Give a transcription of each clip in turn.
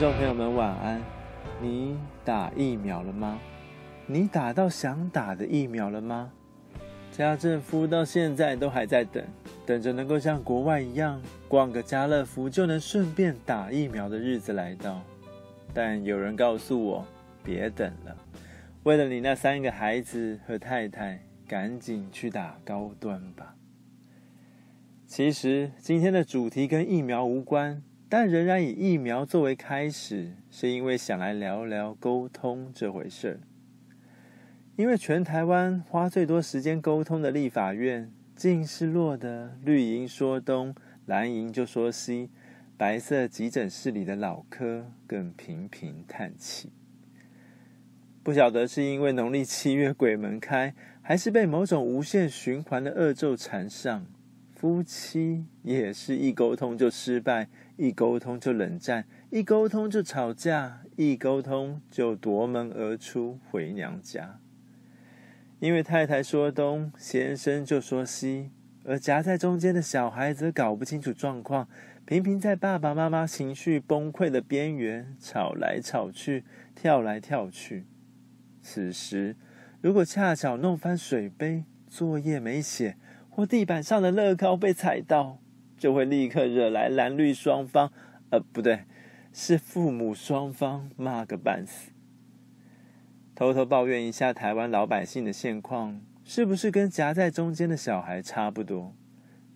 聽眾朋友們，晚安。你打疫苗了嗎？你打到想打的疫苗了嗎？家政夫到現在都還在等，等着能夠像國外一樣逛個家樂福就能順便打疫苗的日子來到。但有人告訴我，別等了，為了你那三個孩子和太太，趕緊去打高端吧。其實今天的主題跟疫苗無關。但仍然以疫苗作為開始，是因為想來聊聊溝通這回事。因為全台灣花最多時間溝通的立法院，竟是落得綠營說東，藍營就說西；白色急診室裡的老柯更頻頻嘆氣。不曉得是因為農曆七月鬼門開，還是被某種無限循環的惡咒纏上。夫妻也是一溝通就失敗。一溝通就冷戰，一溝通就吵架，一溝通就奪門而出回娘家。因為太太說東，先生就說西，而夾在中間的小孩子搞不清楚狀況，頻頻在爸爸媽媽情緒崩潰的邊緣吵來吵去，跳來跳去。此時，如果恰巧弄翻水杯、作業沒寫，或地板上的樂高被踩到，就會立刻惹來藍綠雙方，呃，不對，是父母雙方罵個半死。偷偷抱怨一下台灣老百姓的現況，是不是跟夾在中間的小孩差不多？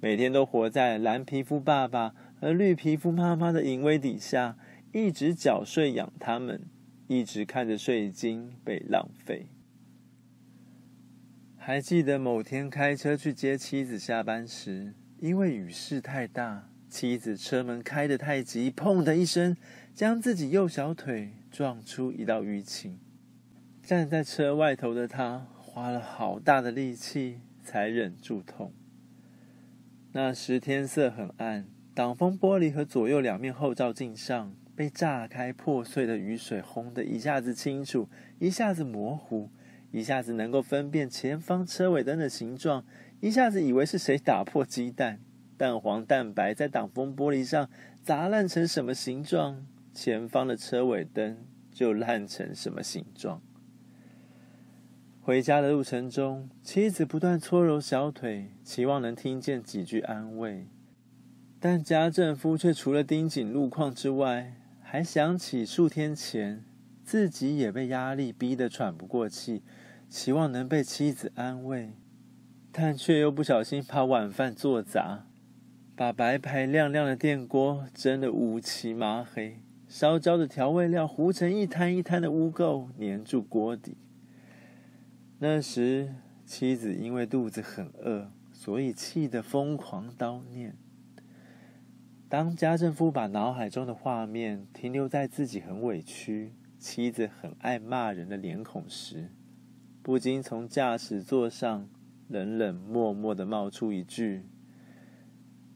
每天都活在藍皮膚爸爸和綠皮膚媽媽的淫威底下，一直繳稅養他們，一直看着稅金被浪費。還記得某天開車去接妻子下班時，因為雨勢太大，妻子車門開得太急，砰的一聲，將自己右小腿撞出一道淤青。站在車外頭的他，花了好大的力氣才忍住痛。那時天色很暗，擋風玻璃和左右兩面後照鏡上被炸開破碎的雨水轟得一下子清楚，一下子模糊，一下子能夠分辨前方車尾燈的形狀。一下子以為是誰打破雞蛋，蛋黃蛋白在擋風玻璃上砸爛成什麼形狀，前方的車尾燈就爛成什麼形狀。回家的路程中，妻子不斷搓揉小腿，期望能聽見幾句安慰。但家政夫卻除了盯緊路況之外，還想起數天前自己也被壓力逼得喘不過氣，期望能被妻子安慰。但卻又不小心把晚飯做砸，把白白亮亮的電鍋蒸得烏漆麻黑，燒焦的調味料糊成一灘一灘的污垢，粘住鍋底。那時，妻子因為肚子很餓，所以氣得瘋狂叨念。當家政夫把腦海中的畫面停留在自己很委屈、妻子很愛罵人的臉孔時，不禁從駕駛座上，冷冷漠漠的冒出一句：“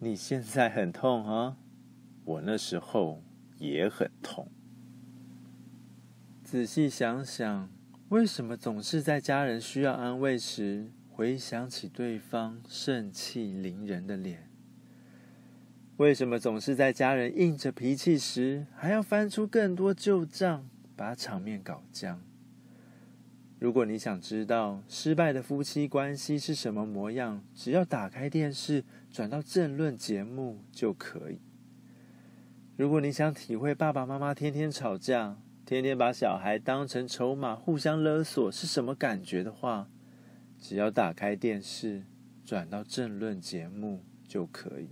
你現在很痛啊，我那時候也很痛。”仔細想想，為什麼總是在家人需要安慰時，回想起對方盛氣凌人的臉？為什麼總是在家人硬着脾氣時，還要翻出更多舊賬，把場面搞僵？如果你想知道失敗的夫妻關係是什麼模樣，只要打開電視轉到政論節目就可以。如果你想體會爸爸媽媽天天吵架、天天把小孩當成籌碼互相勒索是什麼感覺的話，只要打開電視轉到政論節目就可以。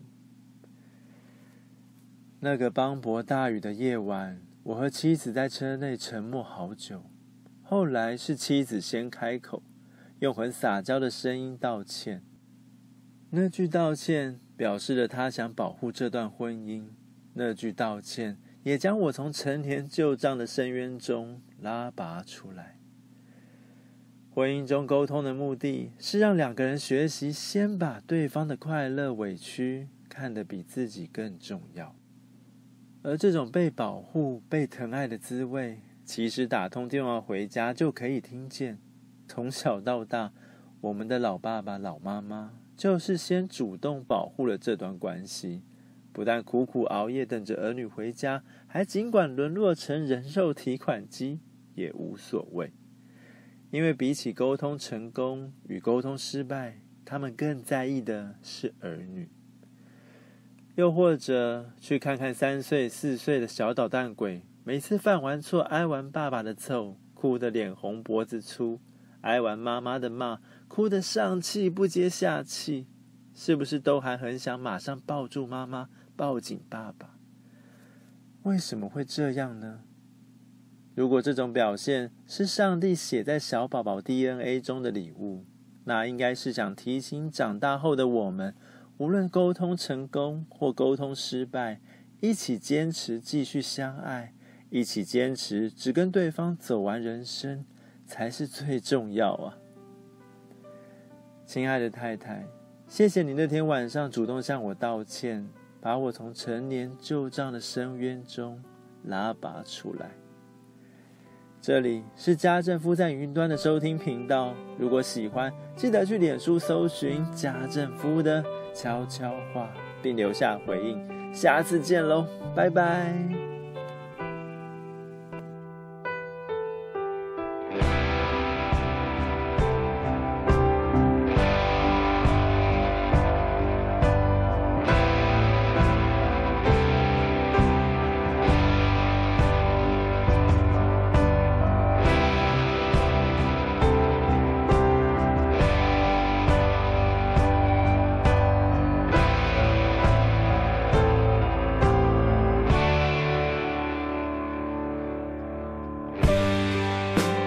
那個磅礴大雨的夜晚，我和妻子在車內沉默好久。後來是妻子先開口，用很撒嬌的聲音道歉。那句道歉表示了她想保護這段婚姻，那句道歉也將我從陳年舊賬的深淵中拉拔出來。婚姻中溝通的目的是讓兩個人學習先把對方的快樂委屈看得比自己更重要，而這種被保護、被疼愛的滋味。其實打通電話回家就可以聽見。從小到大，我們的老爸爸、老媽媽就是先主動保護了這段關係，不但苦苦熬夜等着兒女回家，還儘管淪落成人肉提款機也無所謂。因為比起溝通成功與溝通失敗，他們更在意的是兒女。又或者去看看三歲、四歲的小搗蛋鬼。每次犯完錯，挨完爸爸的揍，哭得臉紅脖子粗；挨完媽媽的罵，哭得上氣不接下氣，是不是都還很想馬上抱住媽媽，抱緊爸爸？為什麼會這樣呢？如果這種表現是上帝寫在小寶寶 DNA 中的禮物，那應該是想提醒長大後的我們，無論溝通成功或溝通失敗，一起堅持繼續相愛。一起堅持，只跟對方走完人生，才是最重要啊！親愛的太太，謝謝你那天晚上主動向我道歉，把我從陳年舊賬的深淵中拉拔出來。這裡是家政夫在雲端的收聽頻道，如果喜歡，記得去臉書搜尋家政夫的悄悄話，並留下回應。下次見嘍，拜拜。